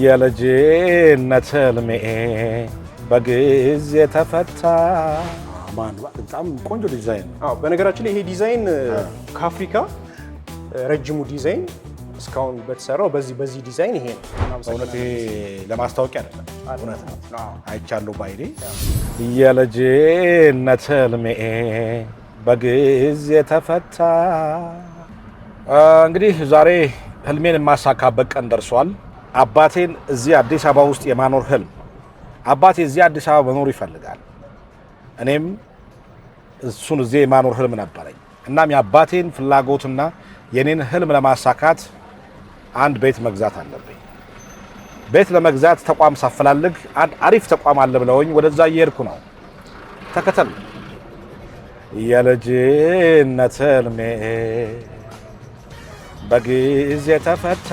የልጅነት ህልሜ በጊዜ ተፈታ። በጣም ቆንጆ ዲዛይን ነው። በነገራችን ላይ ይሄ ዲዛይን ከአፍሪካ ረጅሙ ዲዛይን እስካሁን በተሰራው በዚህ በዚህ ዲዛይን ይሄ ነው። በእውነት ይሄ ለማስታወቂያ አይደለም፣ እውነት ነው። አይቻለሁ ባይኔ። የልጅነት ህልሜ በጊዜ ተፈታ። እንግዲህ ዛሬ ህልሜን የማሳካበት ቀን ደርሷል። አባቴን እዚህ አዲስ አበባ ውስጥ የማኖር ህልም አባቴ እዚህ አዲስ አበባ መኖር ይፈልጋል። እኔም እሱን እዚህ የማኖር ህልም ነበረኝ። እናም የአባቴን ፍላጎትና የኔን ህልም ለማሳካት አንድ ቤት መግዛት አለብኝ። ቤት ለመግዛት ተቋም ሳፈላልግ አንድ አሪፍ ተቋም አለ ብለውኝ ወደዛ እየሄድኩ ነው። ተከተል የልጅነት ህልሜ በጊዜ ተፈታ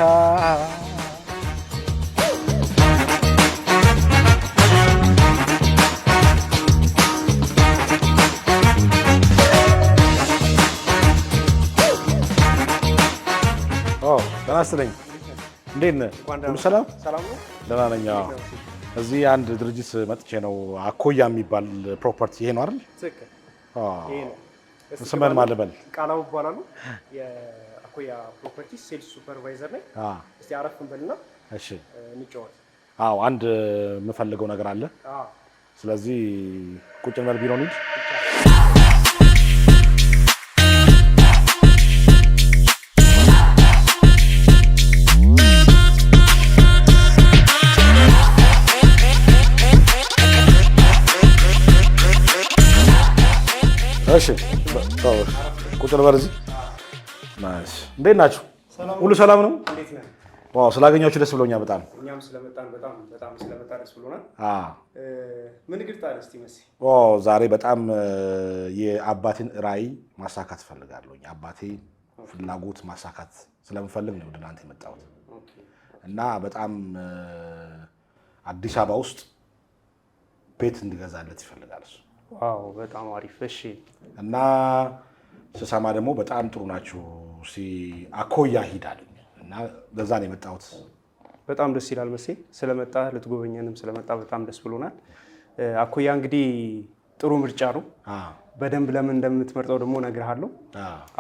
ጤና እንዴት ነህ? ሰላም? ደህና ነኝ። እዚህ አንድ ድርጅት መጥቼ ነው። አኮያ የሚባል ፕሮፐርቲ ይሄ ነው አይደል? ስምን ማን ልበል? ይባላሉ። የአኮያ ፕሮፐርቲ ሴልስ ሱፐርቫይዘር ነኝ። እስኪ አረፍ እንበልና እንጫወት። አዎ፣ አንድ የምፈልገው ነገር አለ። ስለዚህ ቁጭ እንበል፣ ቢሮ እንሂድ እሺ ቁጭ በል እዚህ። እንዴት ናችሁ? ሁሉ ሰላም ነው? ዋው ስላገኛችሁ ደስ ብሎኛል። በጣም እኛም ስለመጣን በጣም በጣም ስለመጣን ደስ ብሎናል። ምን ዋው ዛሬ በጣም የአባቴን ራዕይ ማሳካት እፈልጋለሁ። አባቴ ፍላጎት ማሳካት ስለምፈልግ ነው ወደ እናንተ የመጣሁት እና በጣም አዲስ አበባ ውስጥ ቤት እንድገዛለት ይፈልጋል እሱ ዋው በጣም አሪፍ። እሺ እና ስሰማ ደግሞ በጣም ጥሩ ናችሁ። አኮያ ሂዳል እና ለዛ ነው የመጣሁት። በጣም ደስ ይላል መሴ ስለመጣ ልትጎበኘንም ስለመጣ በጣም ደስ ብሎናል። አኮያ እንግዲህ ጥሩ ምርጫ ነው። በደንብ ለምን እንደምትመርጠው ደግሞ እነግርሃለሁ።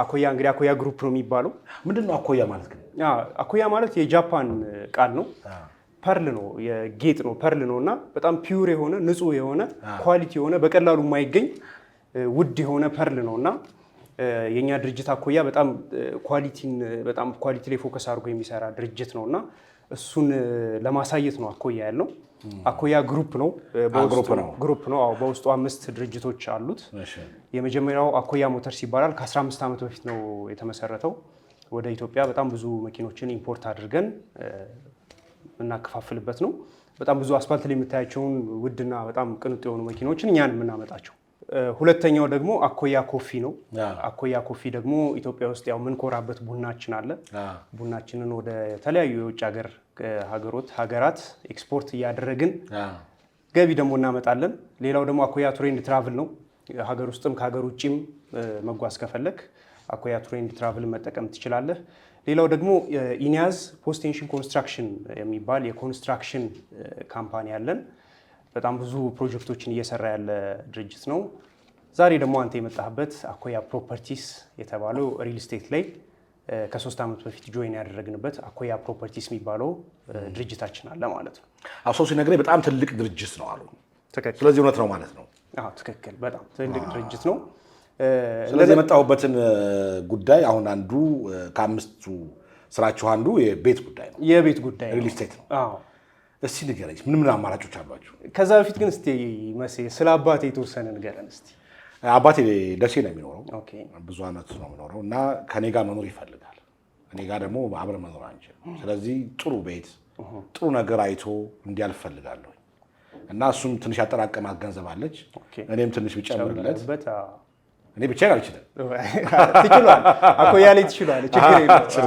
አኮያ እንግዲህ አኮያ ግሩፕ ነው የሚባለው። ምንድን ነው አኮያ ማለት ግን? አኮያ ማለት የጃፓን ቃል ነው ፐርል ነው የጌጥ ነው ፐርል ነው እና በጣም ፒውር የሆነ ንጹህ የሆነ ኳሊቲ የሆነ በቀላሉ የማይገኝ ውድ የሆነ ፐርል ነው እና የእኛ ድርጅት አኮያ በጣም ኳሊቲን በጣም ኳሊቲ ላይ ፎከስ አድርጎ የሚሰራ ድርጅት ነው እና እሱን ለማሳየት ነው አኮያ ያለው። አኮያ ግሩፕ ነው ግሩፕ ነው። አዎ በውስጡ አምስት ድርጅቶች አሉት። የመጀመሪያው አኮያ ሞተርስ ይባላል። ከ15 ዓመት በፊት ነው የተመሰረተው። ወደ ኢትዮጵያ በጣም ብዙ መኪኖችን ኢምፖርት አድርገን የምናከፋፍልበት ነው። በጣም ብዙ አስፋልት ላይ የምታያቸውን ውድና በጣም ቅንጡ የሆኑ መኪናዎችን እኛን የምናመጣቸው። ሁለተኛው ደግሞ አኮያ ኮፊ ነው። አኮያ ኮፊ ደግሞ ኢትዮጵያ ውስጥ ያው ምንኮራበት ቡናችን አለ። ቡናችንን ወደ ተለያዩ የውጭ ሀገር ሀገሮት ሀገራት ኤክስፖርት እያደረግን ገቢ ደግሞ እናመጣለን። ሌላው ደግሞ አኮያ ቱሬንድ ትራቭል ነው። ሀገር ውስጥም ከሀገር ውጭም መጓዝ ከፈለግ አኮያ ትሬንድ ትራቭል መጠቀም ትችላለህ። ሌላው ደግሞ ኢኒያዝ ፖስቴንሽን ኮንስትራክሽን የሚባል የኮንስትራክሽን ካምፓኒ አለን። በጣም ብዙ ፕሮጀክቶችን እየሰራ ያለ ድርጅት ነው። ዛሬ ደግሞ አንተ የመጣህበት አኮያ ፕሮፐርቲስ የተባለው ሪል ስቴት ላይ ከሶስት ዓመት በፊት ጆይን ያደረግንበት አኮያ ፕሮፐርቲስ የሚባለው ድርጅታችን አለ ማለት ነው። አሶ ሲነግረኝ በጣም ትልቅ ድርጅት ነው አሉ። ስለዚህ እውነት ነው ማለት ነው። ትክክል፣ በጣም ትልቅ ድርጅት ነው። ስለዚህ የመጣሁበትን ጉዳይ አሁን አንዱ ከአምስቱ ስራችሁ አንዱ የቤት ጉዳይ ነው። የቤት ጉዳይ ሪል ስቴት ነው። እስቲ ንገረኝ፣ ምን ምን አማራጮች አሏችሁ? ከዛ በፊት ግን እስቲ መሴ ስለ አባቴ የተወሰነ ንገረን እስቲ። አባቴ ደሴ ነው የሚኖረው፣ ብዙ አመት ነው የሚኖረው እና ከኔ ጋር መኖር ይፈልጋል። እኔ ጋር ደግሞ አብረን መኖር አንችል። ስለዚህ ጥሩ ቤት፣ ጥሩ ነገር አይቶ እንዲያልፍ እፈልጋለሁ እና እሱም ትንሽ ያጠራቀማት ገንዘብ አለች፣ እኔም ትንሽ ብጨምርለት እኔ ብቻዬን አልችልም። ትችሏል አኮያሌ ትችሏል።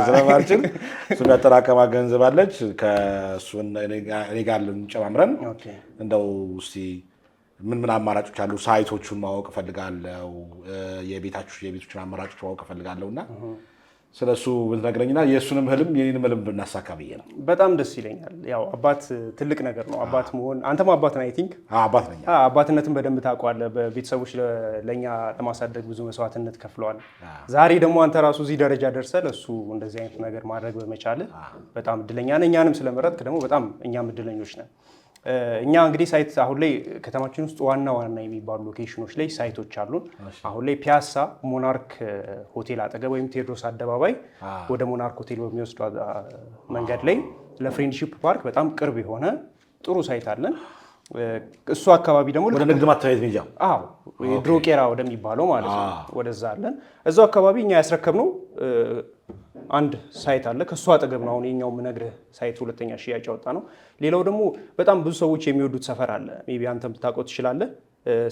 ስለማልችል እሱ የሚያጠራቀማ ገንዘብ አለች እኔ ጋር ልንጨማምረን እንደው እስኪ ምን ምን አማራጮች አሉ፣ ሳይቶቹን ማወቅ እፈልጋለሁ፣ የቤቶችን አማራጮች ማወቅ እፈልጋለሁ እና ስለ እሱ ብትነግረኝና የእሱንም ህልም የኔንም ህልም ብናሳካ ብዬ ነው። በጣም ደስ ይለኛል። ያው አባት ትልቅ ነገር ነው። አባት መሆን አንተም አባት ነህ። አይ ቲንክ አባት ነኝ። አባትነትን በደንብ ታውቀዋለህ። በቤተሰቦች ለእኛ ለማሳደግ ብዙ መስዋዕትነት ከፍለዋል። ዛሬ ደግሞ አንተ ራሱ እዚህ ደረጃ ደርሰህ ለእሱ እንደዚህ አይነት ነገር ማድረግ በመቻልህ በጣም እድለኛ ነህ። እኛንም ስለመረጥክ ደግሞ በጣም እኛም እድለኞች ነን። እኛ እንግዲህ ሳይት አሁን ላይ ከተማችን ውስጥ ዋና ዋና የሚባሉ ሎኬሽኖች ላይ ሳይቶች አሉን። አሁን ላይ ፒያሳ ሞናርክ ሆቴል አጠገብ ወይም ቴዎድሮስ አደባባይ ወደ ሞናርክ ሆቴል በሚወስዱ መንገድ ላይ ለፍሬንድሺፕ ፓርክ በጣም ቅርብ የሆነ ጥሩ ሳይት አለን። እሱ አካባቢ ደግሞ ወደ ንግድ ማተሚያት ሚጃ ድሮ ቄራ ወደሚባለው ማለት ነው፣ ወደዛ አለን። እዛው አካባቢ እኛ ያስረከብነው አንድ ሳይት አለ ከእሱ አጠገብ ነው አሁን የኛው ምነግርህ ሳይት ሁለተኛ ሽያጭ ያወጣ ነው። ሌላው ደግሞ በጣም ብዙ ሰዎች የሚወዱት ሰፈር አለ። ሜይ ቢ አንተም ብታውቀው ትችላለህ።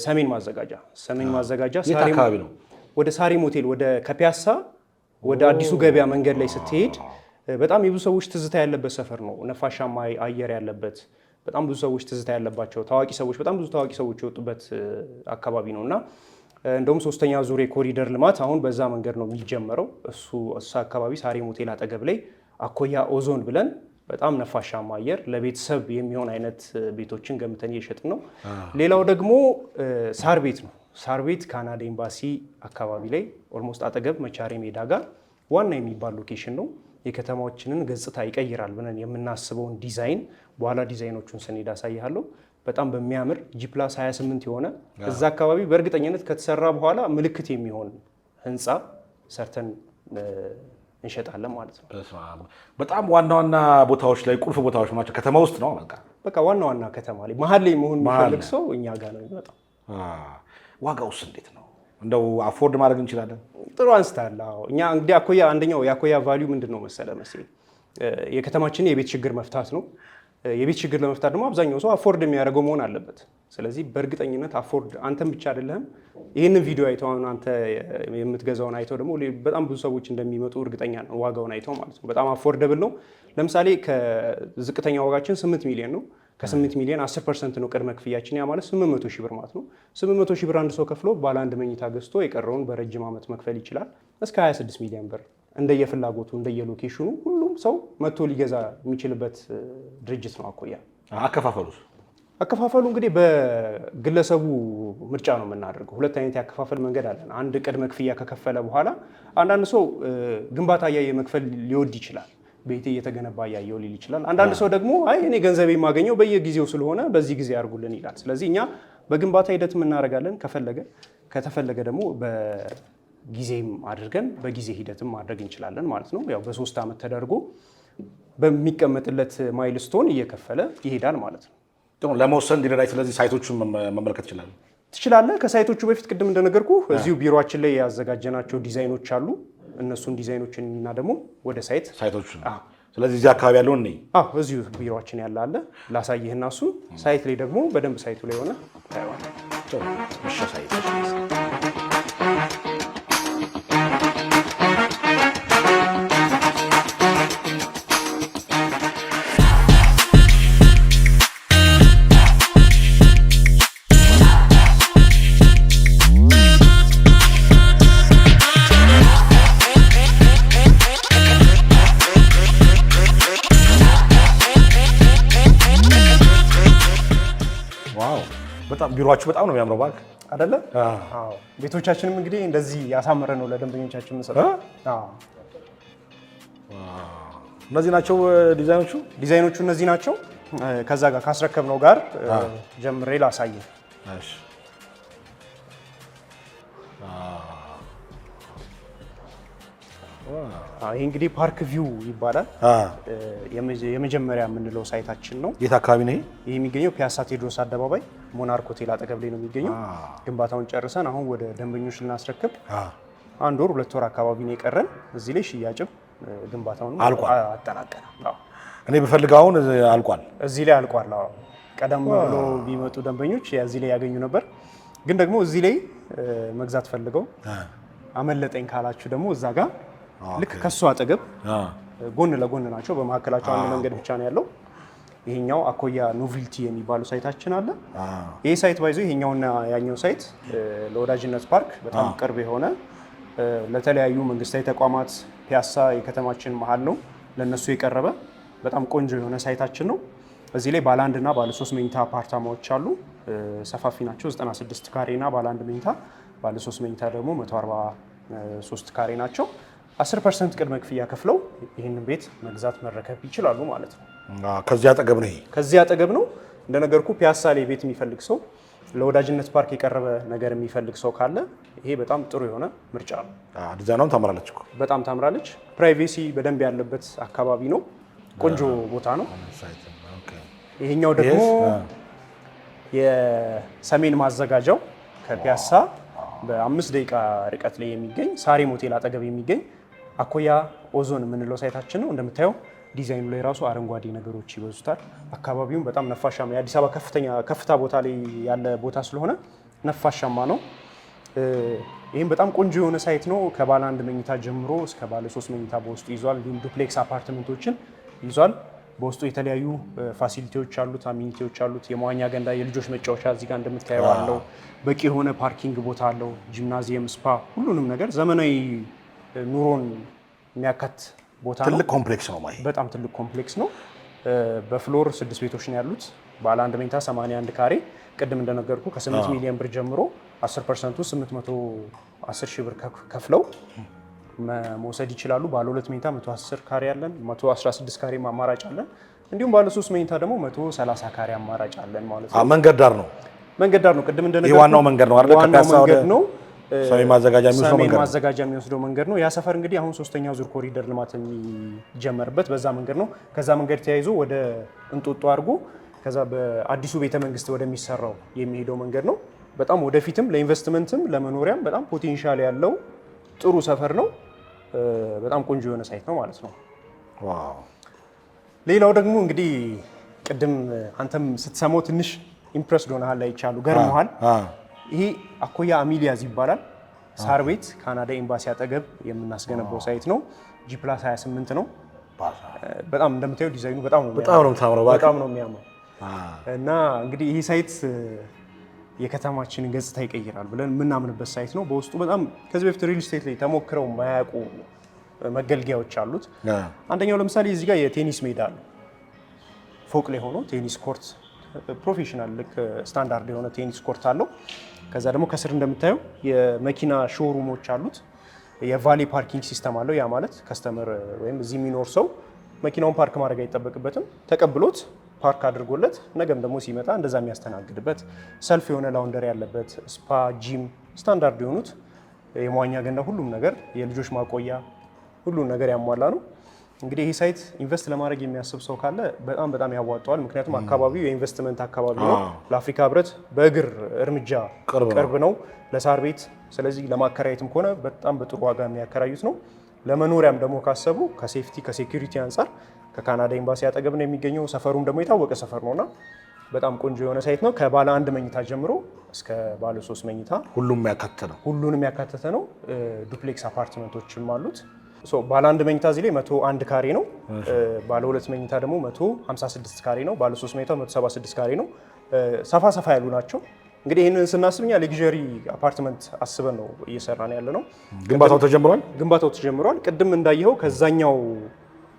ሰሜን ማዘጋጃ ሰሜን ማዘጋጃ አካባቢ ነው። ወደ ሳሪም ሆቴል ወደ ከፒያሳ ወደ አዲሱ ገበያ መንገድ ላይ ስትሄድ በጣም የብዙ ሰዎች ትዝታ ያለበት ሰፈር ነው። ነፋሻማ አየር ያለበት በጣም ብዙ ሰዎች ትዝታ ያለባቸው ታዋቂ ሰዎች በጣም ብዙ ታዋቂ ሰዎች የወጡበት አካባቢ ነው እና እንደውም ሶስተኛ ዙር የኮሪደር ልማት አሁን በዛ መንገድ ነው የሚጀመረው። እሱ እሱ አካባቢ ሳሬ ሞቴል አጠገብ ላይ አኮያ ኦዞን ብለን በጣም ነፋሻማ አየር ለቤተሰብ የሚሆን አይነት ቤቶችን ገምተን እየሸጥ ነው። ሌላው ደግሞ ሳር ቤት ነው። ሳር ቤት ካናዳ ኤምባሲ አካባቢ ላይ ኦልሞስት አጠገብ መቻሬ ሜዳ ጋር ዋና የሚባል ሎኬሽን ነው። የከተማዎችንን ገጽታ ይቀይራል ብለን የምናስበውን ዲዛይን በኋላ ዲዛይኖቹን ስንሄድ አሳይሃለሁ። በጣም በሚያምር ጂፕላስ 28 የሆነ እዛ አካባቢ በእርግጠኝነት ከተሰራ በኋላ ምልክት የሚሆን ህንፃ ሰርተን እንሸጣለን ማለት ነው። በጣም ዋና ዋና ቦታዎች ላይ ቁልፍ ቦታዎች ናቸው። ከተማ ውስጥ ነው። በቃ በቃ ዋና ዋና ከተማ ላይ መሀል ላይ መሆን የሚፈልግ ሰው እኛ ጋር ነው የሚመጣው። ዋጋውስ እንዴት ነው? እንደው አፎርድ ማድረግ እንችላለን? ጥሩ አንስታል። እኛ እንግዲህ አኮያ አንደኛው የአኮያ ቫሊዩ ምንድን ነው መሰለ መሴ የከተማችን የቤት ችግር መፍታት ነው። የቤት ችግር ለመፍታት ደግሞ አብዛኛው ሰው አፎርድ የሚያደርገው መሆን አለበት። ስለዚህ በእርግጠኝነት አፎርድ አንተም ብቻ አይደለህም። ይህንን ቪዲዮ አይተው አሁን አንተ የምትገዛውን አይተው ደግሞ በጣም ብዙ ሰዎች እንደሚመጡ እርግጠኛ ነው፣ ዋጋውን አይተው ማለት ነው። በጣም አፎርደብል ነው። ለምሳሌ ከዝቅተኛ ዋጋችን ስምንት ሚሊዮን ነው። ከ8 ሚሊዮን 10 ፐርሰንት ነው ቅድመ ክፍያችን። ያ ማለት 800 ሺህ ብር ማለት ነው። 800 ሺህ ብር አንድ ሰው ከፍሎ ባለ አንድ መኝታ ገዝቶ የቀረውን በረጅም ዓመት መክፈል ይችላል። እስከ 26 ሚሊዮን ብር እንደየፍላጎቱ እንደየሎኬሽኑ ሰው መጥቶ ሊገዛ የሚችልበት ድርጅት ነው። አኮያ አከፋፈሉ አከፋፈሉ እንግዲህ በግለሰቡ ምርጫ ነው የምናደርገው። ሁለት አይነት ያከፋፈል መንገድ አለን። አንድ ቅድመ ክፍያ ከከፈለ በኋላ አንዳንድ ሰው ግንባታ እያየ መክፈል ሊወድ ይችላል። ቤቴ እየተገነባ እያየው ሊል ይችላል። አንዳንድ ሰው ደግሞ አይ እኔ ገንዘብ የማገኘው በየጊዜው ስለሆነ በዚህ ጊዜ ያርጉልን ይላል። ስለዚህ እኛ በግንባታ ሂደት የምናደርጋለን። ከፈለገ ከተፈለገ ደግሞ ጊዜም አድርገን በጊዜ ሂደትም ማድረግ እንችላለን ማለት ነው። ያው በሶስት ዓመት ተደርጎ በሚቀመጥለት ማይልስቶን እየከፈለ ይሄዳል ማለት ነው። ለመወሰን እንዲረዳ ስለዚህ ሳይቶቹን መመልከት ይችላል ትችላለህ። ከሳይቶቹ በፊት ቅድም እንደነገርኩ እዚሁ ቢሮችን ላይ ያዘጋጀናቸው ዲዛይኖች አሉ። እነሱን ዲዛይኖችን እና ደግሞ ወደ ሳይት ሳይቶቹ ስለዚህ እዚህ አካባቢ ያለውን እኔ እዚሁ ቢሮችን ያለ አለ ላሳይህና እሱ ሳይት ላይ ደግሞ በደንብ ሳይቱ ላይ ሆነ ታይዋል። አምሯችሁ በጣም ነው የሚያምረው ባንክ አይደለ? አዎ። ቤቶቻችንም እንግዲህ እንደዚህ ያሳመረ ነው ለደንበኞቻችን የምንሰጠው። አዎ። እነዚህ ናቸው ዲዛይኖቹ። ዲዛይኖቹ እነዚህ ናቸው። ከዛ ጋር ካስረከብነው ጋር ጀምሬ ላሳየ። እሺ ይህ እንግዲህ ፓርክ ቪው ይባላል። የመጀመሪያ የምንለው ሳይታችን ነው። የት አካባቢ ነው ይህ የሚገኘው? ፒያሳ ቴድሮስ አደባባይ ሞናርክ ሆቴል አጠገብ ላይ ነው የሚገኘው። ግንባታውን ጨርሰን አሁን ወደ ደንበኞች ልናስረክብ አንድ ወር ሁለት ወር አካባቢ ነው የቀረን። እዚህ ላይ ሽያጭም ግንባታውን አጠናቀናል። እኔ ብፈልግ አሁን አልቋል፣ እዚህ ላይ አልቋል። ቀደም ብሎ ቢመጡ ደንበኞች እዚህ ላይ ያገኙ ነበር። ግን ደግሞ እዚህ ላይ መግዛት ፈልገው አመለጠኝ ካላችሁ ደግሞ እዛ ጋር ልክ ከሱ አጠገብ ጎን ለጎን ናቸው። በመካከላቸው አንድ መንገድ ብቻ ነው ያለው። ይሄኛው አኮያ ኖቪልቲ የሚባሉ ሳይታችን አለ። ይሄ ሳይት ባይዞ ይሄኛውና ያኛው ሳይት ለወዳጅነት ፓርክ በጣም ቅርብ የሆነ ለተለያዩ መንግስታዊ ተቋማት ፒያሳ የከተማችን መሀል ነው፣ ለእነሱ የቀረበ በጣም ቆንጆ የሆነ ሳይታችን ነው። እዚህ ላይ ባለ አንድና ባለ ሶስት መኝታ አፓርታማዎች አሉ። ሰፋፊ ናቸው። 96 ካሬና ባለ አንድ መኝታ፣ ባለ ሶስት መኝታ ደግሞ 143 ካሬ ናቸው። 10 ፐርሰንት ቅድመ ክፍያ ከፍለው ይህንን ቤት መግዛት መረከብ ይችላሉ ማለት ነው። ከዚ አጠገብ ነው፣ ከዚህ አጠገብ ነው። እንደነገርኩ ፒያሳ ላይ ቤት የሚፈልግ ሰው ለወዳጅነት ፓርክ የቀረበ ነገር የሚፈልግ ሰው ካለ ይሄ በጣም ጥሩ የሆነ ምርጫ ነው። ዲዛይኗም ታምራለች እኮ በጣም ታምራለች። ፕራይቬሲ በደንብ ያለበት አካባቢ ነው። ቆንጆ ቦታ ነው። ይሄኛው ደግሞ የሰሜን ማዘጋጃው ከፒያሳ በአምስት ደቂቃ ርቀት ላይ የሚገኝ ሳሬም ሞቴል አጠገብ የሚገኝ አኮያ ኦዞን የምንለው ሳይታችን ነው። እንደምታየው ዲዛይኑ ላይ ራሱ አረንጓዴ ነገሮች ይበዙታል። አካባቢውም በጣም ነፋሻማ የአዲስ አበባ ከፍተኛ ከፍታ ቦታ ላይ ያለ ቦታ ስለሆነ ነፋሻማ ነው። ይህም በጣም ቆንጆ የሆነ ሳይት ነው። ከባለ አንድ መኝታ ጀምሮ እስከ ባለ ሶስት መኝታ በውስጡ ይዟል። እንዲሁም ዱፕሌክስ አፓርትመንቶችን ይዟል። በውስጡ የተለያዩ ፋሲሊቲዎች አሉት፣ አሚኒቲዎች አሉት። የመዋኛ ገንዳ፣ የልጆች መጫወቻ እዚጋ ጋር እንደምታየው አለው። በቂ የሆነ ፓርኪንግ ቦታ አለው። ጂምናዚየም፣ ስፓ፣ ሁሉንም ነገር ዘመናዊ ኑሮን የሚያካት ቦታ ነው። ትልቅ ኮምፕሌክስ ነው ማለት በጣም ትልቅ ኮምፕሌክስ ነው። በፍሎር ስድስት ቤቶች ነው ያሉት። ባለ አንድ መኝታ 81 ካሬ ቅድም እንደነገርኩ ከ8 ሚሊዮን ብር ጀምሮ 10 ፐርሰንቱ 810 ሺህ ብር ከፍለው መውሰድ ይችላሉ። ባለ ሁለት መኝታ 110 ካሬ አለን፣ 116 ካሬ አማራጭ አለን። እንዲሁም ባለ ሶስት መኝታ ደግሞ 130 ካሬ አማራጭ አለን ማለት ነው። መንገድ ዳር ነው መንገድ ዳር ነው። ቅድም እንደነገርኩ ዋናው መንገድ ነው አይደል? ከፒያሳ ወደ ሰሜን ማዘጋጃ የሚወስደው መንገድ ነው። ያ ሰፈር እንግዲህ አሁን ሶስተኛ ዙር ኮሪደር ልማት የሚጀመርበት በዛ መንገድ ነው። ከዛ መንገድ ተያይዞ ወደ እንጦጦ አድርጎ ከዛ በአዲሱ ቤተ መንግስት ወደሚሰራው የሚሄደው መንገድ ነው። በጣም ወደፊትም ለኢንቨስትመንትም ለመኖሪያም በጣም ፖቴንሻል ያለው ጥሩ ሰፈር ነው። በጣም ቆንጆ የሆነ ሳይት ነው ማለት ነው። ሌላው ደግሞ እንግዲህ ቅድም አንተም ስትሰማው ትንሽ ኢምፕረስ ዶናሃል ላይ ገርመሃል ይሄ አኮያ አሚሊያዝ ይባላል። ሳር ቤት ካናዳ ኤምባሲ አጠገብ የምናስገነባው ሳይት ነው። ጂ ፕላስ 28 ነው። በጣም እንደምታየው ዲዛይኑ በጣም ነው በጣም ነው የሚያምረው እና እንግዲህ ይህ ሳይት የከተማችንን ገጽታ ይቀይራል ብለን የምናምንበት ሳይት ነው። በውስጡ በጣም ከዚህ በፊት ሪል ስቴት ላይ ተሞክረው ማያውቁ መገልገያዎች አሉት። አንደኛው ለምሳሌ እዚህ ጋር የቴኒስ ሜዳ አለ። ፎቅ ላይ ሆኖ ቴኒስ ኮርት ፕሮፌሽናል ልክ ስታንዳርድ የሆነ ቴኒስ ኮርት አለው። ከዛ ደግሞ ከስር እንደምታየው የመኪና ሾሩሞች አሉት። የቫሌ ፓርኪንግ ሲስተም አለው። ያ ማለት ከስተመር ወይም እዚህ የሚኖር ሰው መኪናውን ፓርክ ማድረግ አይጠበቅበትም። ተቀብሎት ፓርክ አድርጎለት ነገም ደግሞ ሲመጣ እንደዛ የሚያስተናግድበት ሰልፍ የሆነ ላውንደር ያለበት ስፓ፣ ጂም፣ ስታንዳርድ የሆኑት የመዋኛ ገንዳ፣ ሁሉም ነገር የልጆች ማቆያ ሁሉን ነገር ያሟላ ነው። እንግዲህ ይህ ሳይት ኢንቨስት ለማድረግ የሚያስብ ሰው ካለ በጣም በጣም ያዋጣዋል። ምክንያቱም አካባቢው የኢንቨስትመንት አካባቢ ነው። ለአፍሪካ ህብረት በእግር እርምጃ ቅርብ ነው ለሳር ቤት። ስለዚህ ለማከራየትም ከሆነ በጣም በጥሩ ዋጋ የሚያከራዩት ነው። ለመኖሪያም ደግሞ ካሰቡ ከሴፍቲ ከሴኪሪቲ አንጻር ከካናዳ ኤምባሲ አጠገብ ነው የሚገኘው። ሰፈሩም ደግሞ የታወቀ ሰፈር ነውና በጣም ቆንጆ የሆነ ሳይት ነው። ከባለ አንድ መኝታ ጀምሮ እስከ ባለ ሶስት መኝታ ሁሉም ያካተተ ነው። ሁሉንም ያካተተ ነው። ዱፕሌክስ አፓርትመንቶችም አሉት። ባለ አንድ መኝታ እዚህ ላይ መቶ አንድ ካሬ ነው። ባለ ሁለት መኝታ ደግሞ 156 ካሬ ነው። ባለ ሶስት መኝታ 176 ካሬ ነው። ሰፋ ሰፋ ያሉ ናቸው። እንግዲህ ይህንን ስናስብ እኛ ሌግሪ አፓርትመንት አስበን ነው እየሰራን ያለ ነው። ግንባታው ተጀምሯል። ግንባታው ተጀምሯል። ቅድም እንዳየኸው ከዛኛው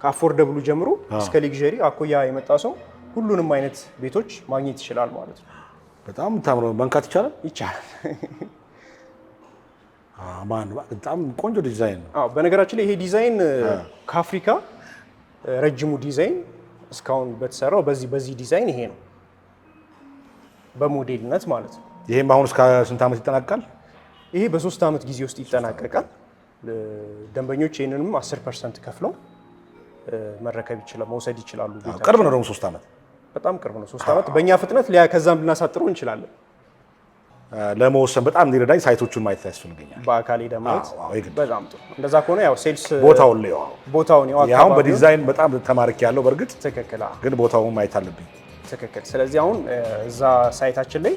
ከአፎርደብሉ ጀምሮ እስከ ሌግሪ አኮያ የመጣ ሰው ሁሉንም አይነት ቤቶች ማግኘት ይችላል ማለት ነው። በጣም ታምሮ መንካት ይቻላል ይቻላል። በጣም ቆንጆ ዲዛይን ነው። አዎ በነገራችን ላይ ይሄ ዲዛይን ከአፍሪካ ረጅሙ ዲዛይን እስካሁን በተሰራው በዚህ በዚህ ዲዛይን ይሄ ነው በሞዴልነት ማለት ነው። ይሄም አሁን እስከ ስንት ዓመት ይጠናቀቃል? ይሄ በሶስት ዓመት ጊዜ ውስጥ ይጠናቀቃል። ደንበኞች ይህንንም 10 ፐርሰንት ከፍለው መረከብ ይችላል መውሰድ ይችላሉ። ቅርብ ነው ደግሞ ሶስት ዓመት በጣም ቅርብ ነው ሶስት ዓመት በእኛ ፍጥነት ከዛም ልናሳጥረው እንችላለን። ለመወሰን በጣም እንዲረዳኝ ሳይቶቹን ማየት ያስፈልገኛል። በአካል ሄደህ ማለት በጣም ጥሩ። እንደዛ ከሆነ ያው ሴልስ ቦታውን ላይ ቦታውን ያው በዲዛይን በጣም ተማርክ ያለው በእርግጥ ትክክል፣ ግን ቦታውን ማየት አለብኝ። ትክክል። ስለዚህ አሁን እዛ ሳይታችን ላይ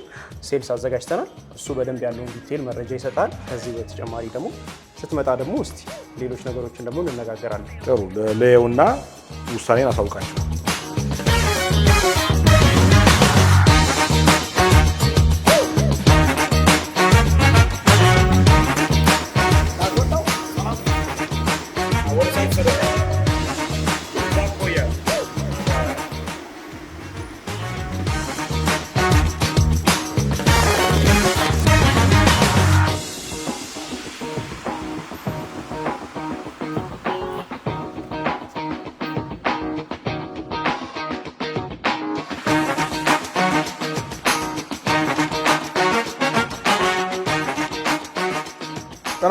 ሴልስ አዘጋጅተናል። እሱ በደንብ ያለውን ዲቴል መረጃ ይሰጣል። ከዚህ በተጨማሪ ደግሞ ስትመጣ ደግሞ እስቲ ሌሎች ነገሮችን ደግሞ እንነጋገራለን። ጥሩ ለየውና ውሳኔን አሳውቃቸው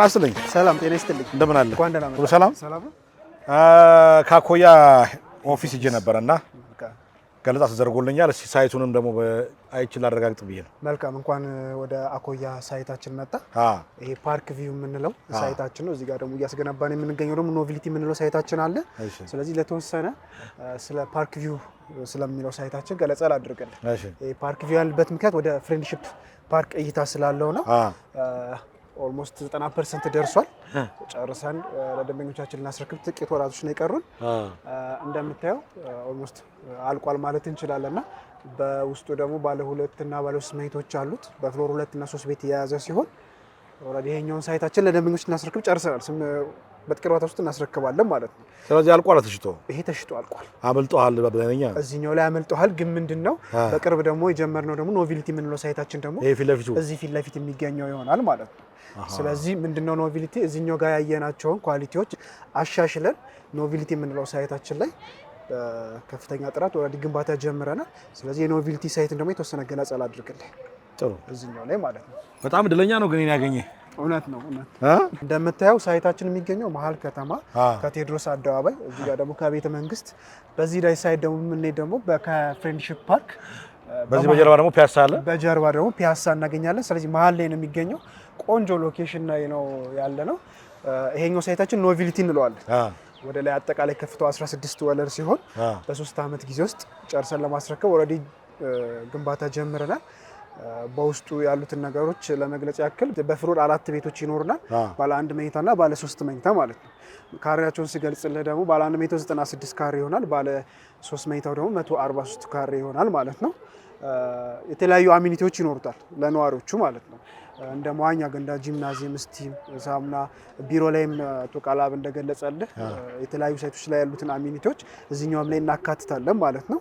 ጤና ይስጥልኝ። ሰላም ጤና ይስጥልኝ። እንደምን አለ? እንኳን ሁሉ ሰላም? ሰላም። ካኮያ ኦፊስ ሂጄ ነበረ እና ገለጻ ተደርጎልኛል። እስኪ ሳይቱንም ደግሞ አይቼ ላረጋግጥ ብዬ ነው። መልካም እንኳን ወደ አኮያ ሳይታችን መጣ። ይሄ ፓርክ ቪው የምንለው ሳይታችን ነው። እዚህ ጋር ደግሞ እያስገነባን የምንገኘው ደግሞ ኖቪሊቲ የምንለው ሳይታችን አለ። ስለዚህ ለተወሰነ ስለ ፓርክ ቪው ስለሚለው ሳይታችን ገለጻ ላድርግልህ። ይሄ ፓርክ ቪው ያለበት ምክንያት ወደ ፍሬንድሺፕ ፓርክ እይታ ስላለው ነው። ኦልሞስት 90 ፐርሰንት ደርሷል። ጨርሰን ለደንበኞቻችን ልናስረክብ ጥቂት ወራቶች ነው የቀሩን። እንደምታየው ኦልሞስት አልቋል ማለት እንችላለንና በውስጡ ደግሞ ባለ ሁለት እና ባለ ሶስት መኝቶች አሉት። በፍሎር ሁለት እና ሶስት ቤት የያዘ ሲሆን ይሄኛውን ሳይታችን ለደንበኞች ልናስረክብ ጨርሰናል። በጥቅምት ውስጥ እናስረክባለን ማለት ነው። ስለዚህ አልቋል፣ ተሽጦ ይሄ ተሽጦ አልቋል። አመልጦሃል ብለኛ እዚህኛው ላይ አመልጦሃል። ግን ምንድን ነው በቅርብ ደግሞ የጀመርነው ደግሞ ኖቪሊቲ የምንለው ሳይታችን ደግሞ እዚህ ፊት ለፊት የሚገኘው ይሆናል ማለት ነው። ስለዚህ ምንድነው ኖቪሊቲ እዚህኛው ጋር ያየናቸውን ኳሊቲዎች አሻሽለን ኖቪሊቲ የምንለው ሳይታችን ላይ ከፍተኛ ጥራት ወረዲ ግንባታ ጀምረናል። ስለዚህ የኖቪሊቲ ሳይትን ደግሞ የተወሰነ ገለጻ ላድርግልህ ጥሩ፣ እዚህኛው ላይ ማለት ነው። በጣም እድለኛ ነው ግን ያገኘ እውነት ነው። እውነት እንደምታየው ሳይታችን የሚገኘው መሀል ከተማ ከቴዎድሮስ አደባባይ እዚህ ጋር ደግሞ ከቤተ መንግስት፣ በዚህ ላይ ሳይት ደግሞ የምንሄድ ደግሞ ከፍሬንድሽፕ ፓርክ በዚህ በጀርባ ደግሞ ፒያሳ አለ። በጀርባ ደግሞ ፒያሳ እናገኛለን። ስለዚህ መሀል ላይ ነው የሚገኘው። ቆንጆ ሎኬሽን ላይ ነው ያለ ነው። ይሄኛው ሳይታችን ኖቪሊቲ እንለዋለን። ወደ ላይ አጠቃላይ ከፍተው 16 ወለል ሲሆን በሶስት አመት ጊዜ ውስጥ ጨርሰን ለማስረከብ ኦልሬዲ ግንባታ ጀምረናል። በውስጡ ያሉትን ነገሮች ለመግለጽ ያክል በፍሎር አራት ቤቶች ይኖሩናል። ባለ አንድ መኝታና ባለ ሶስት መኝታ ማለት ነው። ካሬያቸውን ሲገልጽልህ ደግሞ ባለ አንድ መኝታው 96 ካሬ ይሆናል። ባለ ሶስት መኝታው ደግሞ 143 ካሬ ይሆናል ማለት ነው። የተለያዩ አሚኒቲዎች ይኖሩታል ለነዋሪዎቹ ማለት ነው። እንደ መዋኛ ገንዳ፣ ጂምናዚየም፣ ስቲም፣ ሳሙና፣ ቢሮ ላይም ቶቃላብ እንደገለጸልህ የተለያዩ ሳይቶች ላይ ያሉትን አሚኒቲዎች እዚህኛውም ላይ እናካትታለን ማለት ነው።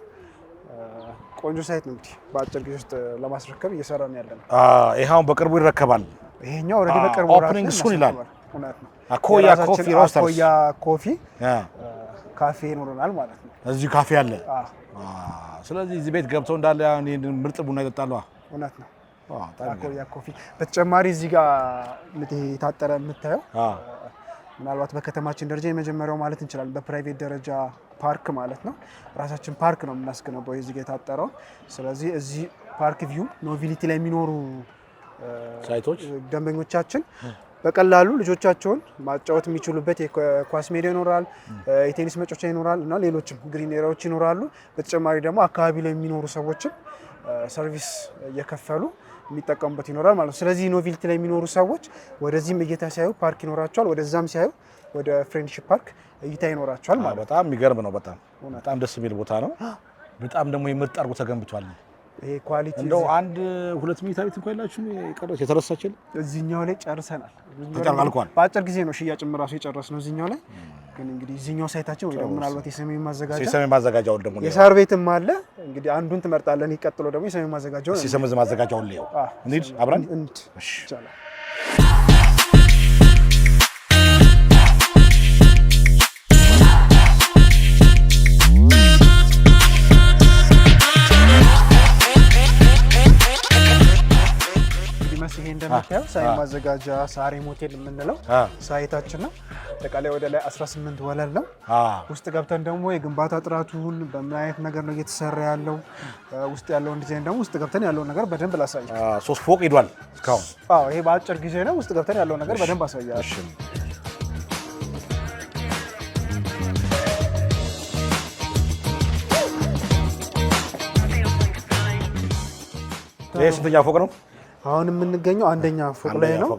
ቆንጆ ሳይት ነው እንግዲህ በአጭር ጊዜ ውስጥ ለማስረከብ እየሰራ ነው ያለነው። ይሄውን በቅርቡ ይረከባል። ይሄኛው ኦልሬዲ በቅርቡ ኦፕኒንግ እሱን ይላል። አኮያ ኮፊ ሮስተርስ አኮያ ኮፊ ካፌ ይኖረናል ማለት ነው። እዚህ ካፌ አለ። ስለዚህ እዚህ ቤት ገብተው እንዳለ ምርጥ ቡና ይጠጣሉ። እውነት ነው። አኮያ ኮፊ በተጨማሪ እዚህ ጋር የታጠረ የምታየው ምናልባት በከተማችን ደረጃ የመጀመሪያው ማለት እንችላለን። በፕራይቬት ደረጃ ፓርክ ማለት ነው። ራሳችን ፓርክ ነው የምናስገነባው የዚህ ጋር ስለዚህ እዚህ ፓርክ ቪው ኖቪሊቲ ላይ የሚኖሩ ሳይቶች ደንበኞቻችን በቀላሉ ልጆቻቸውን ማጫወት የሚችሉበት የኳስ ሜዳ ይኖራል፣ የቴኒስ መጫወቻ ይኖራል እና ሌሎችም ግሪን ኤሪያዎች ይኖራሉ። በተጨማሪ ደግሞ አካባቢ ላይ የሚኖሩ ሰዎችም ሰርቪስ እየከፈሉ የሚጠቀሙበት ይኖራል ማለት ነው። ስለዚህ ኖቪልቲ ላይ የሚኖሩ ሰዎች ወደዚህም እይታ ሲያዩ ፓርክ ይኖራቸዋል፣ ወደዛም ሲያዩ ወደ ፍሬንድሺፕ ፓርክ እይታ ይኖራቸዋል ማለት ነው። በጣም የሚገርም ነው። በጣም በጣም ደስ የሚል ቦታ ነው። በጣም ደግሞ የምርጥ አድርጎ ተገንብቷል። ይሄ ኳሊቲ እንደው አንድ ሁለት መኝታ ቤት እንኳን ያላችሁ የቀረች የተረሳችል እዚህኛው ላይ ጨርሰናል። በአጭር ጊዜ ነው ሽያጭም ራሱ የጨረስነው እዚህኛው ላይ ግን እንግዲህ እዚህኛው ሳይታችን ወይ ደግሞ ምናልባት የሰሜን ማዘጋጃ የሰሜን ማዘጋጃው ደግሞ የሳር ቤትም አለ። እንግዲህ አንዱን ደግሞ የሰሜን ማዘጋጃው ነው። የሰሜን ማዘጋጃው እንደምታየው ሳይ ማዘጋጃ ሳሪ ሞቴል የምንለው ሳይታችን ነው። አጠቃላይ ወደ ላይ 18 ወለል ነው። ውስጥ ገብተን ደግሞ የግንባታ ጥራቱን በምን አይነት ነገር ነው እየተሰራ ያለው ውስጥ ያለውን ዲዛይን ደግሞ ውስጥ ገብተን ያለውን ነገር በደንብ ላሳይ። ሶስት ፎቅ ሄዷል እስካሁን። አዎ ይሄ በአጭር ጊዜ ነው። ውስጥ ገብተን ያለውን ነገር በደንብ አሳያል። ይህ ስንተኛ ፎቅ ነው? አሁን የምንገኘው አንደኛ ፎቅ ላይ ነው።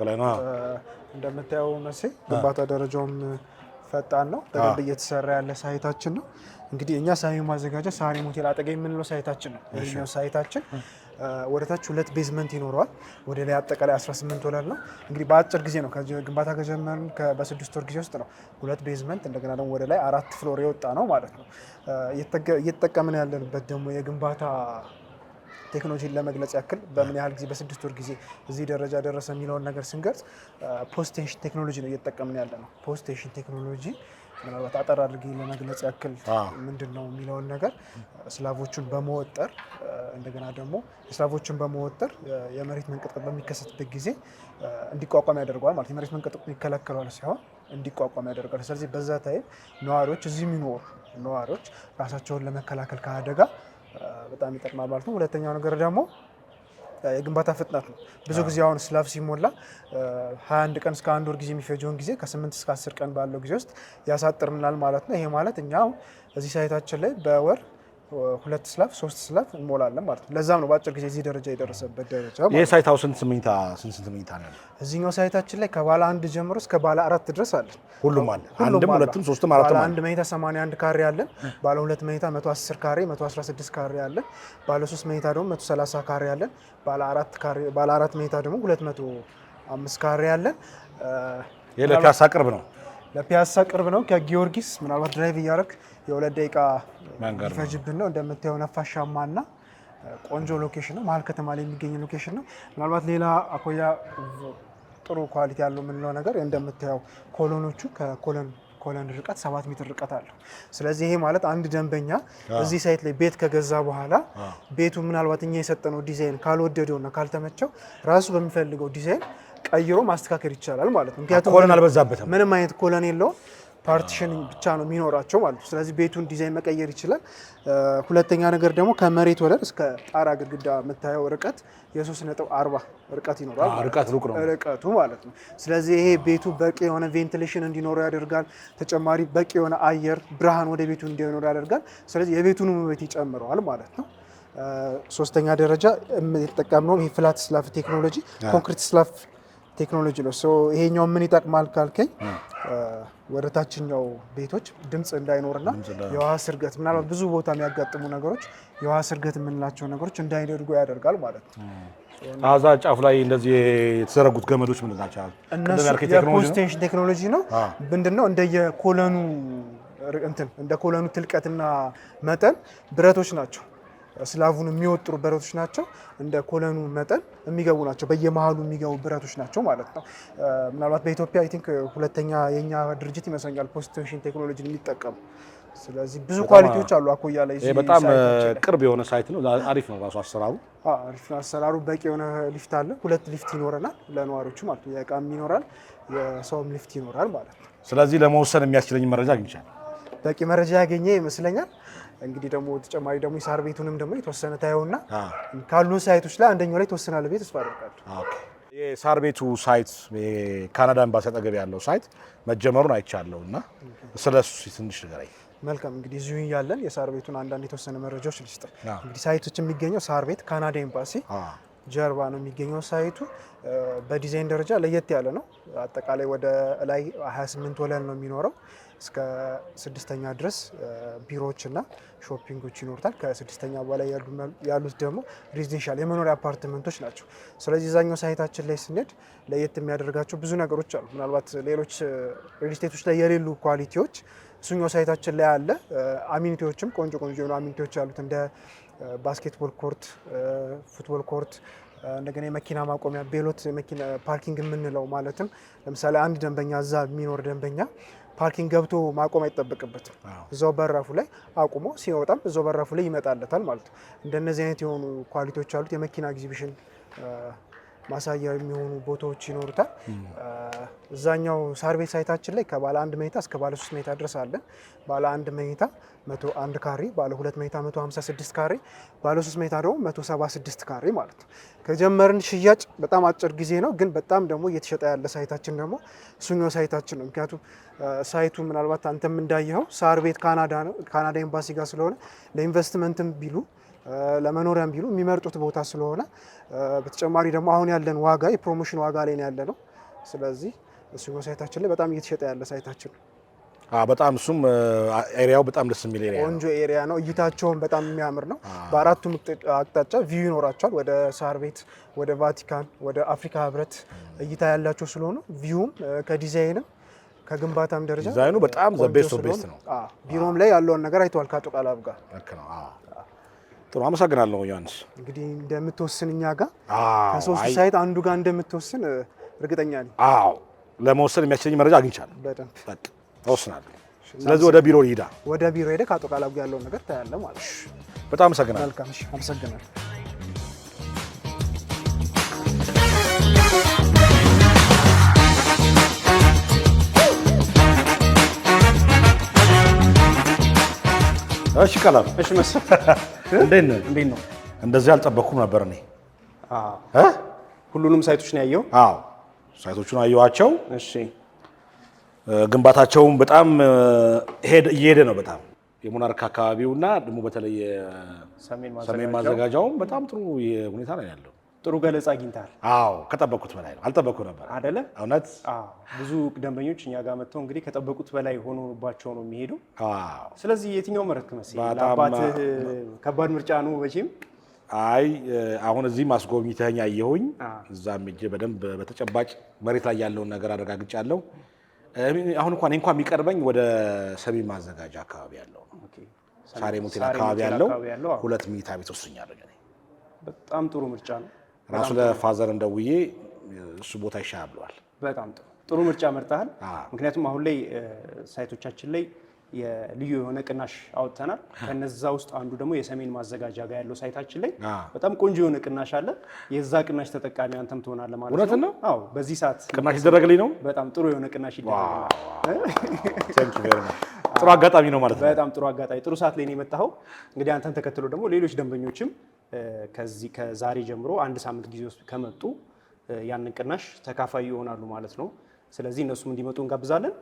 እንደምታየው መሴ ግንባታ ደረጃውም ፈጣን ነው። በደንብ እየተሰራ ያለ ሳይታችን ነው። እንግዲህ እኛ ሳሚ ማዘጋጃ ሳሪ ሞቴል አጠገብ የምንለው ሳይታችን ነው። ይህኛው ሳይታችን ወደታች ሁለት ቤዝመንት ይኖረዋል። ወደ ላይ አጠቃላይ 18 ወለል ነው። እንግዲህ በአጭር ጊዜ ነው ግንባታ ከጀመርን በስድስት ወር ጊዜ ውስጥ ነው ሁለት ቤዝመንት እንደገና ደግሞ ወደ ላይ አራት ፍሎር የወጣ ነው ማለት ነው። እየተጠቀምን ያለንበት ደግሞ የግንባታ ቴክኖሎጂን ለመግለጽ ያክል በምን ያህል ጊዜ በስድስት ወር ጊዜ እዚህ ደረጃ ደረሰ የሚለውን ነገር ስንገልጽ ፖስቴንሽን ቴክኖሎጂ ነው እየተጠቀምን ያለ ነው። ፖስቴንሽን ቴክኖሎጂ ምናልባት አጠር አድርጌ ለመግለጽ ያክል ምንድን ነው የሚለውን ነገር ስላቮቹን በመወጠር እንደገና ደግሞ ስላቮቹን በመወጠር የመሬት መንቀጥቀጥ በሚከሰትበት ጊዜ እንዲቋቋም ያደርገዋል ማለት የመሬት መንቀጥቀጥ ይከለከለዋል ሲሆን እንዲቋቋም ያደርጋል። ስለዚህ በዛ ታይም ነዋሪዎች እዚህ የሚኖሩ ነዋሪዎች ራሳቸውን ለመከላከል ከአደጋ በጣም ይጠቅማል ማለት ነው። ሁለተኛው ነገር ደግሞ የግንባታ ፍጥነት ነው። ብዙ ጊዜ አሁን ስላብ ሲሞላ 21 ቀን እስከ አንድ ወር ጊዜ የሚፈጀውን ጊዜ ከ8 እስከ 10 ቀን ባለው ጊዜ ውስጥ ያሳጥርናል ማለት ነው። ይሄ ማለት እኛ እዚህ ሳይታችን ላይ በወር ሁለት ስላፍ ሶስት ስላፍ እንሞላለን ማለት ነው። ለዛም ነው በአጭር ጊዜ እዚህ ደረጃ የደረሰበት ደረጃ። ይህ ሳይታው ስንት መኝታ ስንት ስንት መኝታ ነው? እዚህኛው ሳይታችን ላይ ከባለ አንድ ጀምሮ እስከ ባለ አራት ድረስ አለን። ሁሉም አለ። አንድም ሁለትም ሶስትም አራትም። ባለ አንድ መኝታ 81 ካሬ አለን። ባለ ሁለት መኝታ 110 ካሬ፣ 116 ካሬ አለን። ባለ ሶስት መኝታ ደግሞ 130 ካሬ አለን። ባለ አራት ካሬ ባለ አራት መኝታ ደግሞ 205 ካሬ አለን። ይሄ ለፒያሳ ቅርብ ነው። ለፒያሳ ቅርብ ነው። ከጊዮርጊስ ምናልባት ድራይቭ እያደረግ የሁለት ደቂቃ ሊፈጅብን ነው። እንደምታየው ነፋሻማና ቆንጆ ሎኬሽን ነው። መሀል ከተማ ላይ የሚገኝ ሎኬሽን ነው። ምናልባት ሌላ አኮያ ጥሩ ኳሊቲ ያለው የምንለው ነገር እንደምታየው ኮሎኖቹ ከኮሎን ኮለን ርቀት ሰባት ሜትር ርቀት አለው። ስለዚህ ይሄ ማለት አንድ ደንበኛ እዚህ ሳይት ላይ ቤት ከገዛ በኋላ ቤቱ ምናልባት እኛ የሰጠነው ዲዛይን ካልወደደውና ካልተመቸው ራሱ በሚፈልገው ዲዛይን ቀይሮ ማስተካከል ይቻላል ማለት ነው። ምክንያቱም ኮለን አልበዛበትም፣ ምንም አይነት ኮለን የለውም። ፓርቲሽን ብቻ ነው የሚኖራቸው ማለት ነው። ስለዚህ ቤቱን ዲዛይን መቀየር ይችላል። ሁለተኛ ነገር ደግሞ ከመሬት ወለል እስከ ጣራ ግድግዳ የምታየው ርቀት የሶስት ነጥብ አርባ ርቀት ይኖራል ርቀቱ ማለት ነው። ስለዚህ ይሄ ቤቱ በቂ የሆነ ቬንቲሌሽን እንዲኖረው ያደርጋል። ተጨማሪ በቂ የሆነ አየር ብርሃን ወደ ቤቱ እንዲኖር ያደርጋል። ስለዚህ የቤቱን ውበት ይጨምረዋል ማለት ነው። ሶስተኛ ደረጃ የተጠቀምነው ይህ ፍላት ስላፍ ቴክኖሎጂ ኮንክሪት ስላፍ ቴክኖሎጂ ነው። ይሄኛው ምን ይጠቅማል ካልከኝ ወደ ታችኛው ቤቶች ድምፅ እንዳይኖርና የውሃ ስርገት ምናልባት ብዙ ቦታ የሚያጋጥሙ ነገሮች የውሃ ስርገት የምንላቸው ነገሮች እንዳይደርጉ ያደርጋል ማለት ነው። አዛ ጫፍ ላይ እንደዚህ የተዘረጉት ገመዶች ምንድን ናቸው? እነሱ የፖስቴሽን ቴክኖሎጂ ነው። ምንድን ነው እንደየኮለኑ እንትን እንደ ኮለኑ ትልቀትና መጠን ብረቶች ናቸው ስላቡን የሚወጥሩ ብረቶች ናቸው። እንደ ኮለኑ መጠን የሚገቡ ናቸው። በየመሀሉ የሚገቡ ብረቶች ናቸው ማለት ነው። ምናልባት በኢትዮጵያ አይ ቲንክ ሁለተኛ የኛ ድርጅት ይመስለኛል ፖስቴሽን ቴክኖሎጂን የሚጠቀሙ ስለዚህ ብዙ ኳሊቲዎች አሉ። አኮያ ላይ በጣም ቅርብ የሆነ ሳይት ነው። አሪፍ ነው ራሱ አሰራሩ አሪፍ ነው። አሰራሩ በቂ የሆነ ሊፍት አለ። ሁለት ሊፍት ይኖረናል ለነዋሪዎቹ ማለት ነው። የእቃም ይኖራል፣ የሰውም ሊፍት ይኖራል ማለት ነው። ስለዚህ ለመወሰን የሚያስችለኝ መረጃ አግኝቻለሁ። በቂ መረጃ ያገኘ ይመስለኛል። እንግዲህ ደግሞ ተጨማሪ ደግሞ የሳር ቤቱንም ደግሞ የተወሰነ ታየውና ካሉ ሳይቶች ላይ አንደኛው ላይ ተወሰናል ቤት ተስፋ አደርጋለሁ። የሳር ቤቱ ሳይት የካናዳ ኤምባሲ አጠገብ ያለው ሳይት መጀመሩን አይቻለሁ እና ስለ እሱ ትንሽ ንገረኝ። መልካም እንግዲህ እዚሁ ያለን የሳር ቤቱን አንዳንድ የተወሰነ መረጃዎች ልስጥ። እንግዲህ ሳይቶች የሚገኘው ሳር ቤት ካናዳ ኤምባሲ ጀርባ ነው የሚገኘው ሳይቱ። በዲዛይን ደረጃ ለየት ያለ ነው። አጠቃላይ ወደ ላይ 28 ወለል ነው የሚኖረው እስከ ስድስተኛ ድረስ ቢሮዎችና ሾፒንጎች ይኖሩታል። ከስድስተኛ በላይ ያሉት ደግሞ ሬዚደንሻል የመኖሪያ አፓርትመንቶች ናቸው። ስለዚህ እዛኛው ሳይታችን ላይ ስንሄድ ለየት የሚያደርጋቸው ብዙ ነገሮች አሉ። ምናልባት ሌሎች ሪልስቴቶች ላይ የሌሉ ኳሊቲዎች እሱኛው ሳይታችን ላይ አለ። አሚኒቲዎችም ቆንጆ ቆንጆ የሆኑ አሚኒቲዎች አሉት እንደ ባስኬትቦል ኮርት፣ ፉትቦል ኮርት እንደገና የመኪና ማቆሚያ ቤሎት ፓርኪንግ የምንለው ማለትም ለምሳሌ አንድ ደንበኛ እዛ የሚኖር ደንበኛ ፓርኪንግ ገብቶ ማቆም አይጠበቅበትም። እዛው በራፉ ላይ አቁሞ ሲወጣም እዛው በራፉ ላይ ይመጣለታል ማለት ነው። እንደነዚህ አይነት የሆኑ ኳሊቲዎች አሉት የመኪና ኤግዚቢሽን ማሳያ የሚሆኑ ቦታዎች ይኖሩታል። እዛኛው ሳር ቤት ሳይታችን ላይ ከባለ አንድ መኝታ እስከ ባለ ሶስት መኝታ ድረስ አለን። ባለ አንድ መኝታ መቶ አንድ ካሬ፣ ባለ ሁለት መኝታ መቶ ሀምሳ ስድስት ካሬ፣ ባለ ሶስት መኝታ ደግሞ መቶ ሰባ ስድስት ካሬ ማለት ነው። ከጀመርን ሽያጭ በጣም አጭር ጊዜ ነው፣ ግን በጣም ደግሞ እየተሸጠ ያለ ሳይታችን ደግሞ ሱኞ ሳይታችን ነው። ምክንያቱም ሳይቱ ምናልባት አንተም እንዳየኸው ሳር ቤት ካናዳ ኤምባሲ ጋር ስለሆነ ለኢንቨስትመንትም ቢሉ ለመኖሪያም ቢሉ የሚመርጡት ቦታ ስለሆነ በተጨማሪ ደግሞ አሁን ያለን ዋጋ የፕሮሞሽን ዋጋ ላይ ነው ያለ ነው። ስለዚህ እሱ ሳይታችን ላይ በጣም እየተሸጠ ያለ ሳይታችን በጣም እሱም ኤሪያው በጣም ደስ የሚል ኤሪያ ቆንጆ ኤሪያ ነው። እይታቸውን በጣም የሚያምር ነው። በአራቱም አቅጣጫ ቪዩ ይኖራቸዋል። ወደ ሳር ቤት፣ ወደ ቫቲካን፣ ወደ አፍሪካ ህብረት እይታ ያላቸው ስለሆኑ ቪውም ከዲዛይንም ከግንባታም ደረጃ ዲዛይኑ በጣም ዘቤስቶ ቤስት ነው። ቢሮም ላይ ያለውን ነገር አይተዋል ከአቶ ቃላብ ጋር ጥሩ አመሰግናለሁ ዮሐንስ። እንግዲህ እንደምትወስን እኛ ጋር ከሶስቱ ሳይት አንዱ ጋር እንደምትወስን እርግጠኛ ነኝ። አዎ ለመወሰን የሚያስችለኝ መረጃ አግኝቻለሁ። በደንብ በቃ እወስናለሁ። ስለዚህ ወደ ቢሮ ሂዳ ወደ ቢሮ ሄደ ከአቶ ቃላቡ ያለውን ነገር ታያለህ ማለት ነው። በጣም አመሰግናለሁ። መልካም አመሰግናለሁ። እሺ ቀላል። እሺ መሰለህ እንዴት ነህ? እንዴት ነው? እንደዚህ አልጠበኩም ነበር እኔ። አዎ ሁሉንም ሳይቶች ነው ያየው። አዎ ሳይቶቹን አየኋቸው። እሺ ግንባታቸውም በጣም ሄድ እየሄደ ነው። በጣም የሙናርክ አካባቢውና ደግሞ በተለይ ሰሜን ማዘጋጃውም በጣም ጥሩ ሁኔታ ላይ ያለው ጥሩ ገለጻ አግኝተሃል። አዎ ከጠበቁት በላይ ነው። አልጠበቁ ነበር አደለ? እውነት ብዙ ደንበኞች እኛ ጋር መጥተው እንግዲህ ከጠበቁት በላይ ሆኖባቸው ነው የሚሄደው። ስለዚህ የትኛው መረጥክ መሰለኝ? ለአባትህ ከባድ ምርጫ ነው መቼም። አይ አሁን እዚህ ማስጎብኝተኸኝ አየሁኝ፣ እዛም ሂጅ በደንብ በተጨባጭ መሬት ላይ ያለውን ነገር አረጋግጫለሁ። አሁን እንኳን እንኳን የሚቀርበኝ ወደ ሰሜን ማዘጋጃ አካባቢ ያለው ነው፣ ሳሬ ሆቴል አካባቢ ያለው ሁለት መኝታ ቤት ወስኛለሁ። በጣም ጥሩ ምርጫ ነው። ራሱ ለፋዘር እንደውዬ እሱ ቦታ ይሻላል ብሏል። በጣም ጥሩ ጥሩ ምርጫ መርጠሃል። ምክንያቱም አሁን ላይ ሳይቶቻችን ላይ ልዩ የሆነ ቅናሽ አውጥተናል። ከነዛ ውስጥ አንዱ ደግሞ የሰሜን ማዘጋጃ ጋር ያለው ሳይታችን ላይ በጣም ቆንጆ የሆነ ቅናሽ አለ። የዛ ቅናሽ ተጠቃሚ አንተም ትሆናለህ ማለት ነው። እውነት ነው። አዎ፣ በዚህ ሰዓት ቅናሽ ይደረግልኝ ነው። በጣም ጥሩ የሆነ ቅናሽ ይደረግልኝ። ጥሩ አጋጣሚ ነው ማለት ነው። በጣም ጥሩ አጋጣሚ፣ ጥሩ ሰዓት ላይ ነው የመጣኸው። እንግዲህ አንተን ተከትሎ ደግሞ ሌሎች ደንበኞችም ከዚህ ከዛሬ ጀምሮ አንድ ሳምንት ጊዜ ውስጥ ከመጡ ያንን ቅናሽ ተካፋይ ይሆናሉ ማለት ነው። ስለዚህ እነሱም እንዲመጡ እንጋብዛለን።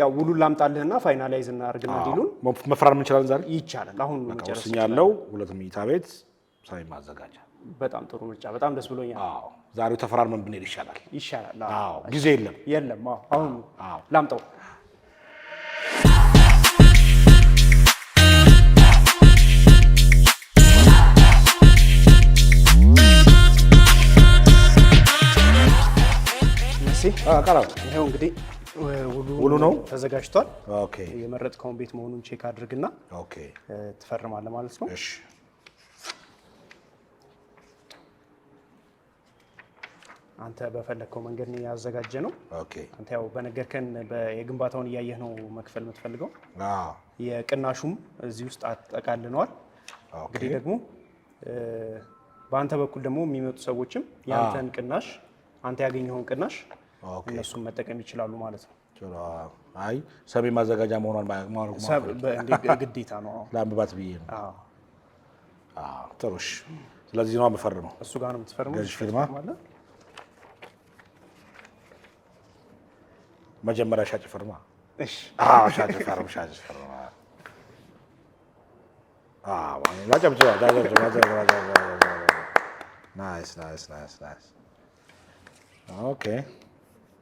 ያው ውሉን ላምጣልህና ፋይናላይዝ እናድርግና ዲሉን መፈራረም እንችላለን። ዛሬ ይቻላል። አሁን መጨረስ ያለው ሁለት መኝታ ቤት ሳይ ማዘጋጃ በጣም ጥሩ ምርጫ። በጣም ደስ ብሎኛል። ዛሬው ተፈራርመን ብንሄድ ይሻላል። ይሻላል። ጊዜ የለም የለም። አሁን ላምጠው እሺ ይኸው እንግዲህ ውሉ ነው ተዘጋጅቷል። የመረጥከውን ቤት መሆኑን ቼክ አድርግና ኦኬ ትፈርማለህ ማለት ነው። እሺ አንተ በፈለግከው መንገድ ነው ያዘጋጀ ነው። ኦኬ አንተ ያው በነገርከን የግንባታውን እያየህ ነው መክፈል የምትፈልገው። አዎ የቅናሹም እዚህ ውስጥ አጠቃልነዋል። ኦኬ እንግዲህ ደግሞ በአንተ በኩል ደግሞ የሚመጡ ሰዎችም የአንተን ቅናሽ አንተ ያገኘኸውን ቅናሽ እነሱም መጠቀም ይችላሉ ማለት ነው። አይ ሰሚ ማዘጋጃ መሆኗን ግዴታ ነው ለአንብባት ብዬ ነው። ጥሩሽ። ስለዚህ ነው የምፈርመው፣ እሱ ጋር ነው የምትፈርመው ፊርማ። መጀመሪያ ሻጭ ፈርማ። ኦኬ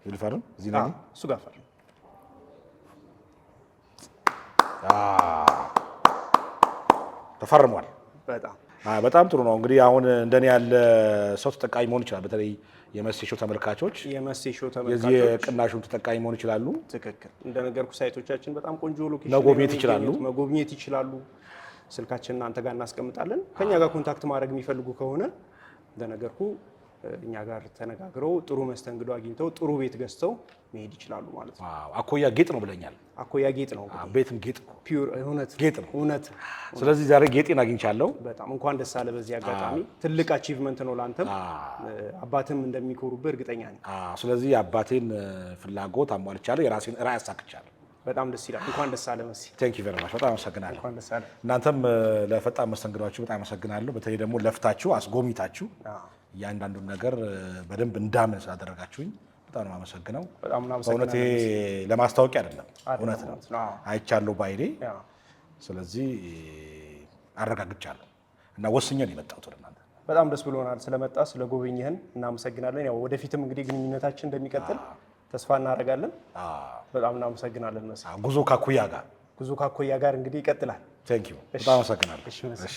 ይልፈርም ዚና እሱ ጋር ፈርም። ተፈርሟል። በጣም ጥሩ ነው። እንግዲህ አሁን እንደኔ ያለ ሰው ተጠቃሚ መሆን ይችላል። በተለይ የመሴ ሾው ተመልካቾች የዚህ ቅናሹን ተጠቃሚ መሆን ይችላሉ። ትክክል እንደነገርኩ ሳይቶቻችን በጣም ቆንጆ ሎኬሽን መጎብኘት ይችላሉ መጎብኘት ይችላሉ። ስልካችንን አንተ ጋር እናስቀምጣለን። ከኛ ጋር ኮንታክት ማድረግ የሚፈልጉ ከሆነ እንደነገርኩ እኛ ጋር ተነጋግረው ጥሩ መስተንግዶ አግኝተው ጥሩ ቤት ገዝተው መሄድ ይችላሉ ማለት ነው። አኮያ ጌጥ ነው ብለኛል። አኮያ ጌጥ ነው፣ ቤትም ጌጥ ነው፣ ጌጥ ነው እውነት። ስለዚህ ዛሬ ጌጤን አግኝቻለሁ። በጣም እንኳን ደስ አለ። በዚህ አጋጣሚ ትልቅ አቺቭመንት ነው ለአንተም፣ አባትም እንደሚኮሩብህ እርግጠኛ ነኝ። ስለዚህ አባቴን ፍላጎት አሟልቻለሁ፣ የራሴን ራዕይ አሳክቻለሁ። በጣም ደስ ይላል። እንኳን ደስ አለ መሲ። ቴንክ ዩ ቬሪ ማች። በጣም አመሰግናለሁ። እናንተም ለፈጣን መስተንግዷችሁ በጣም አመሰግናለሁ። በተለይ ደግሞ ለፍታችሁ አስጎብኝታችሁ እያንዳንዱን ነገር በደንብ እንዳምን ስላደረጋችሁኝ በጣም ነው አመሰግነው። በእውነት ለማስታወቂያ አይደለም፣ እውነት ነው። አይቻለሁ ባይኔ፣ ስለዚህ አረጋግጫለሁ እና ወስኜ ነው የመጣሁት ወደ እናንተ። በጣም ደስ ብሎናል ስለመጣ ስለጎበኘህን እናመሰግናለን። ያው ወደፊትም እንግዲህ ግንኙነታችን እንደሚቀጥል ተስፋ እናደርጋለን። በጣም እናመሰግናለን መስ ጉዞ ካኩያ ጋር ጉዞ ካኩያ ጋር እንግዲህ ይቀጥላል። በጣም አመሰግናለሁ።